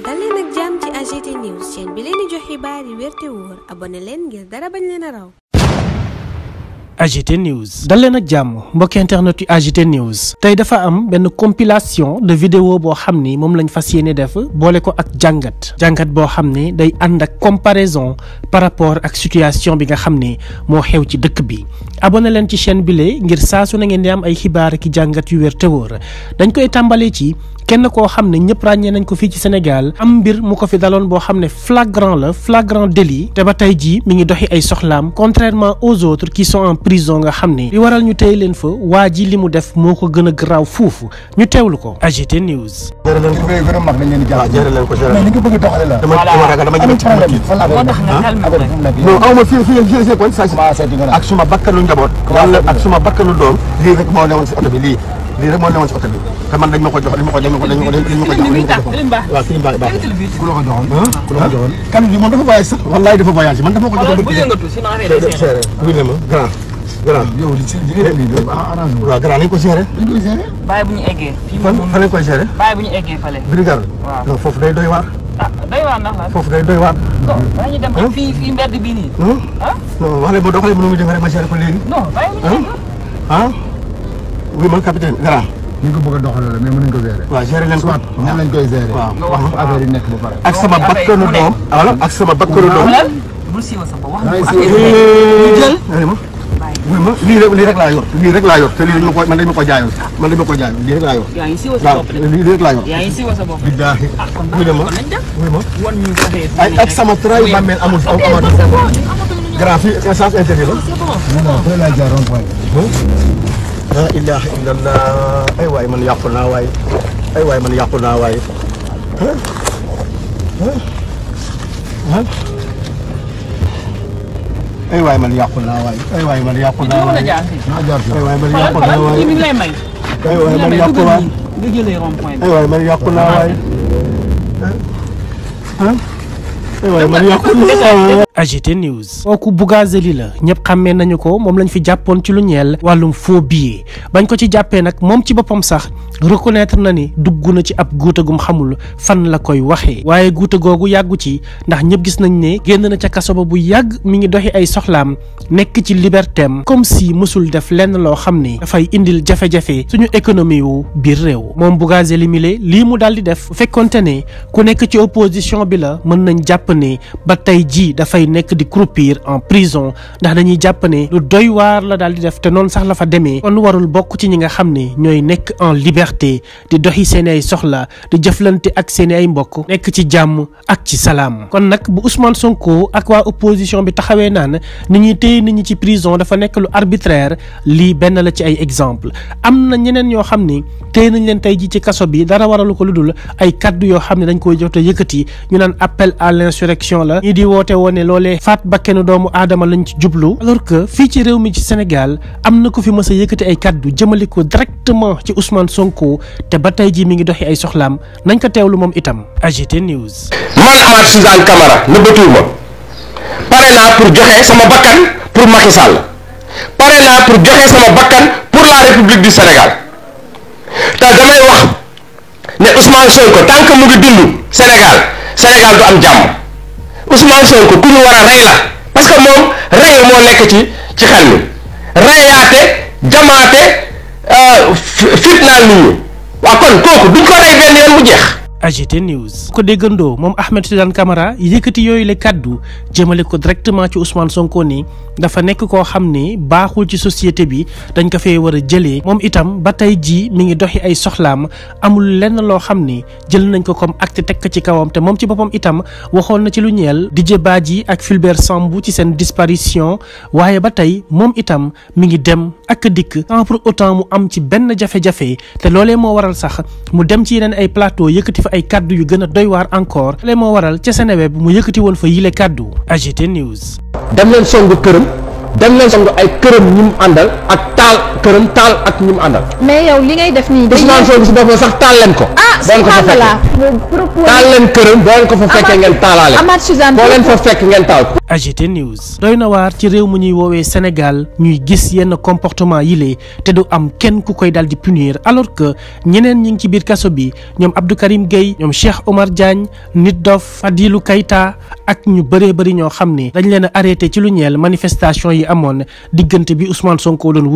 dal leen ak jàmm leen di jox xibaar yi wér te wóor dalleen ak jàmm mbokki internet yu AGT News tey dafa am benn compilation de vidéo boo xam ne moom lañ fas yéene def boole ko ak jàngat jàngat boo xam ne day ànd ak comparaison par rapport ak situation bi nga xam ne moo xew ci dëkk bi abonné leen ci chaîne bile ngir saa su na ngeen di am ay xibaar ki jàngat yu wér te dañ koy tàmbalee ci kenn koo xam ne ñëpp ràññee nañ ko fii ci Sénégal am mbir mu ko fi daloon boo xam ne flagrant la flagrant délit te ba tey jii mi ngi doxi ay soxlaam contrairement aux autres qui sont en prison nga xam ne li waral ñu téye leen fa waa ji li mu def moo ko gën a garaaw foofu ñu teewlu ko AGT News. ko gën a mag nañ leen di jaaxal ah, jërë leen ko a doxalee la. dama dama ragal ma fii fii fii ak suma bakkanu njaboot ak suma bakkanu doom lii rek moo newoon si oto bi lii lii rek moo newoon ci oto bi te man dañ ma ko jox dañ ma ko dañ ma ko dañ ma ko dañ ma ko jox waaw sëriñ baax baax ku la ko joxoon ku la ko joxoon kan bi moom dafa voyage sax wallaay dafa voyage man dafa ma ko jox bu yëngatu sinon affaire seere bu ne ma grand grand yow li ci li ngeen di ah, ah, arrange waaw grand nañ ko géré dañ koy géré bàyyi bu ñu eggee fan fan lañ koy géré bàyyi bu ñu eggee fale brigade waaw non foofu day doy waar ah doy waar ndax lan foofu day doy waar oh, dañu dem fii fii mbedd bii nii ah? non wax leen ma doxalee mënu muy demee rek ma géré ko léegi non bàyyi ah oui man capitaine Gara. ñu ngi ko bëgg a doxaloo la mais mënuñ ko gérer. waaw gérer leen ko waaw nan lañ koy gérer. waaw nga wax affaire yi nekk ba pare. ak sama bakkanu doom wala ak sama bakkanu doom. bul siiwal sa bopp wax nga ko affaire yi eh, ñu ma lii rek lii rek laa yor lii rek laa yor te lii dañ ma ko man dañ ma ko jaayoon man dañ ma ko jaayoon lii rek laa yor. yaa ngi siiwal sa bopp lii rek laa yor. yaa ngi siiwal sa bopp billaahi ah, ma ay ak sama trahi bàmmeel amul aw amatu grand fii sens interdit la. non non laa ilaaha illallah ay waay man yàqu naa waay ay waay man yàqu naa waay ay waay man yàqu naa waay ay waay man yàqu naa waay ay waay man yàqu naa waay ay waay man yàqu naa waay ay waay man yàqu naa waay Eh AGT News kooku Bougazeli la ñëpp xàmmee nañu ko moom lañ fi jàppoon ci lu ñeel wàllum foo billet bañ ko ci jàppee nag moom ci boppam sax reconnaître na ni dugg na ci ab guuta gum xamul fan la koy waxe waaye guuta googu yàggu ci ndax ñëpp gis nañ ne génn na ca kaso ba bu yàgg mi ngi doxi ay soxlaam nekk ci libertéem comme si mosul def lenn loo xam ne dafay indil jafe-jafe suñu économie wu biir réew moom Bougazelli mile lii mu daal di def bu fekkonte ne ku nekk ci opposition bi la mën nañ jàpp ne ba tey jii dafay nekk di croupir en prison ndax dañuy jàpp ne lu doy waar la daal di def te noonu sax la fa demee kon warul bokk ci ñi nga xam ne ñooy nekk en liberté liberté di doxi seen ay soxla di jëflante ak seen ay mbokk nekk ci jàmm ak ci salaam kon nag bu Ousmane Sonko ak waa opposition bi taxawee naan ni ñuy téye nit ñi ci prison dafa nekk lu arbitraire lii benn la ci ay exemple am na ñeneen yoo xam ni téye nañ leen tey ci kaso bi dara waralu ko lu dul ay kaddu yoo xam ne dañ koy jote yëkkati ñu naan appel à l'insurrection la ñii di woote woone loolee faat bakkenu doomu aadama lañ ci jublu alors que fii ci réew mi ci Sénégal am na ko fi mës a ay kaddu jëmale ko directement ci Ousmane sonk yokku te ba tey jii mi ngi doxi ay soxlaam nañ ko teewlu moom itam AGT News. man Amath Suzanne Camara nëbbatuwuma pare naa pour joxe sama bakkan pour Macky la pare naa pour joxe sama bakkan pour la République du Sénégal te damay wax ne Ousmane Sonko tant que mu ngi dund Sénégal Sénégal du am jàmm Ousmane Sonko ku ñu war a rey la parce que moom rey moo nekk ci ci xel mi. nit ñi waaw kon kooku duñ ko rey benn yoon mu jeex AGT News ko déggandoo moom Ahmed Suzanne kamara yëkkati yooyu la kàddu jëmale ko directement ci Ousmane Sonko ni dafa nekk koo xam ne baaxul ci société bi dañ ko fee war a jëlee moom itam ba tey jii mi ngi doxi ay soxlaam amul lenn loo xam ne jël nañ ko comme act teg ko ci kawam te moom ci boppam itam waxoon na ci lu ñeel Didier Badji ak Fulbert Sambou ci seen disparition waaye ba tey moom itam mu ngi dem ak dikk sans pour autant mu am ci benn jafe-jafe te loolee moo waral sax mu dem ci yeneen ay plateau yëkkati ay kàddu yu gën a doy waar encore le moo waral ca Seneweb mu yëkkati woon fa yile kàddu AGT News. dem leen songu këram dem leen songu ay këram ñu mu àndal ak taal. këram taal ak ñi mu àndal. mais yow li ngay def nii. dañuy Ousmane taal leen ko. ah subhanallah taal leen boo leen ko fa fekkee ngeen taalaale. Amath Suzanne boo leen fa fekk ngeen taal. AGT News. doy na waar ci réew mu ñuy woowee Sénégal ñuy gis yenn comportement yi lee te du am kenn ku koy dal di punir alors que ñeneen ñi ngi ci biir kaso bi ñoom Abdou Karim Gueye ñoom Cheikh Omar Diagne nit dof Fadilou Keita ak ñu bëree bëri ñoo xam ne dañ leen a arrêté ci lu ñeel manifestation yi amoon diggante bi Ousmane Sonko doon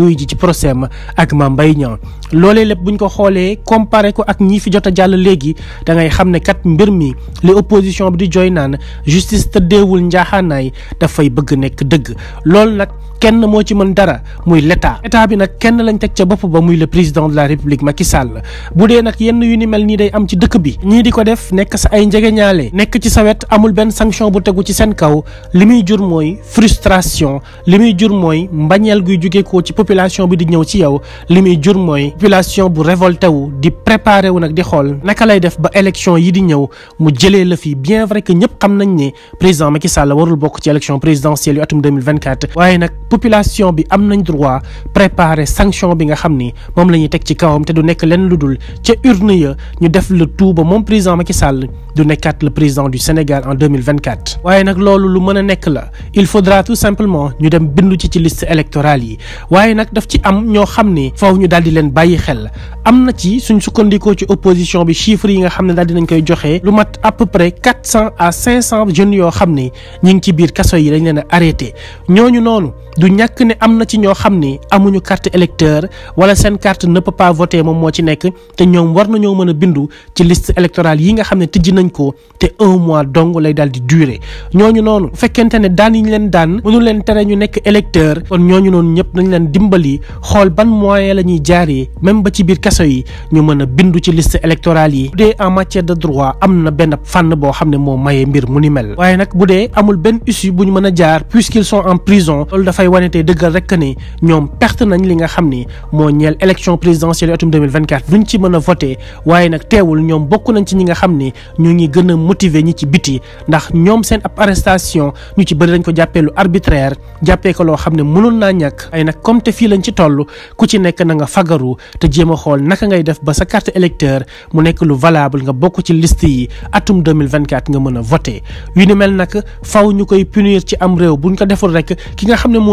COSEM ak ma Mbaye Niang loolee lépp bu buñ ko xoolee comparer ko ak ñii fi jot a jàll léegi da ngay xam ne kat mbir mi li opposition bi di jooy naan justice tëddeewul njaaxaanaay dafay bëgg nekk dëgg loolu nag kenn moo ci mën dara muy l'état état bi nag kenn lañ teg ca bopp ba muy le président de la république Macky Sall bu dee nag yenn yu ni mel nii day am ci dëkk bi ñii di ko def nekk sa ay njegeñaale nekk ci sa wet amul benn sanction bu tegu ci seen kaw li muy jur mooy frustration li muy jur mooy mbañeel guy jóge ko ci population bi di ñëw ci yow li muy jur mooy population bu révolté wu di préparé wu nag di xool naka lay def ba élection yi di ñëw mu jëlee la fi bien vrai que ñëpp xam nañ ne président Macky Sall warul bokk ci élection présidentielle yu atum 2024 waaye nag population bi am nañ droit préparer sanction bi nga xam ni moom la ñuy teg ci kawam te du nekk lenn lu dul ca urne ya ñu def le tout ba moom ma ci Sall du nekkaat le président du Sénégal en 2024. waaye nag loolu lu mën a nekk la il faudra tout simplement ñu dem bindu ci ci liste électorale yi waaye nag daf ci am ñoo xam ni faaw ñu daal di leen bàyyi xel am na ci suñ sukkandikoo ci opposition bi chiffres yi nga xam ne daal dinañ koy joxe lu mat à peu cent à cinq cent jeunes yoo xam ni ñu ngi ci biir kaso yi dañ leen a arrêté ñooñu noonu. du ñàkk ne am na ci ñoo xam ne amuñu carte électeur wala seen carte ne peut pas voter moom moo ci nekk te ñoom war nañoo mën a bindu ci liste électorale yi nga xam ne tijji nañ ko te un mois dong lay daal di ñoo ñu noonu bu fekkente ne daan yi ñu leen daan mënu leen tere ñu nekk électeur kon ñoo ñu noonu ñëpp nañ leen dimbali xool ban moyen la ñuy jaaree même ba ci biir kaso yi ñu mën a bindu ci liste électorale yi bu dee en matière de droit am na benn fànn boo xam ne moo mayee mbir mu ni mel waaye nag bu dee amul benn issue bu ñu mën a jaar puisqu'ils sont en prison loolu dafay wane tey dëggal rek ni ñoom perte nañ li nga xam ni moo ñeel élection présidentielle atum 2024 duñ ci mën a voté waaye nag teewul ñoom bokk nañ ci ñi nga xam ni ñu ngi gën a motiver ñi ci biti ndax ñoom seen ab arrestation ñu ci bëri dañ ko jàppee lu arbitraire jàppee ko loo xam ne mënul naa ñàkk ay nak comme te fii lañ ci toll ku ci nekk na nga fagaru te jéem a xool naka ngay def ba sa carte électeur mu nekk lu valable nga bokk ci liste yi atum 2024 nga mën a voté yu mel nag faw ñu koy punir ci am réew buñ ko deful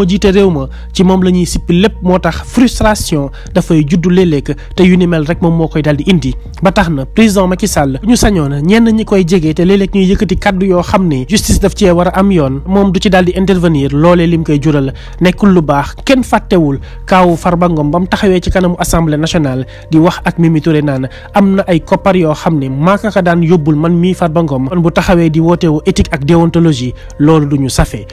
moo jiite réew ma ci moom la ñuy sippi lépp moo tax frustration dafay juddu léeg te yu ni mel rek moom moo koy daal di indi ba tax na président Macky Sall bu ñu sañoon ñenn ñi koy jege te léeg-léeg ñuy yëkkati kàddu yoo xam ne justice daf cee war am yoon moom du ci daal di intervenir loolee lim koy jural nekkul lu baax kenn fàttewul kaawu Farba Ngom bam taxawee ci kanamu assemblée nationale di wax ak Mimi Touré naan am na ay koppar yoo xam ne maaka ka daan yóbbul man mii Farba Ngom man bu taxawee di wootewu éthique ak déontologie loolu du ñu safee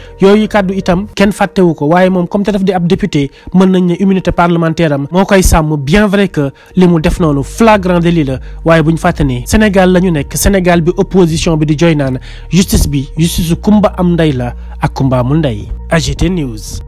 ko waaye moom comme te daf di ab député mën nañ ne immunité parlementaire am moo koy sàmm bien vrai que li mu def noonu flagrant délit la waaye bu ñu fàtte Sénégal la ñu nekk Sénégal bi opposition bi di joy naan justice bi justice kumba am ndey la ak kumba amul ndey AGT News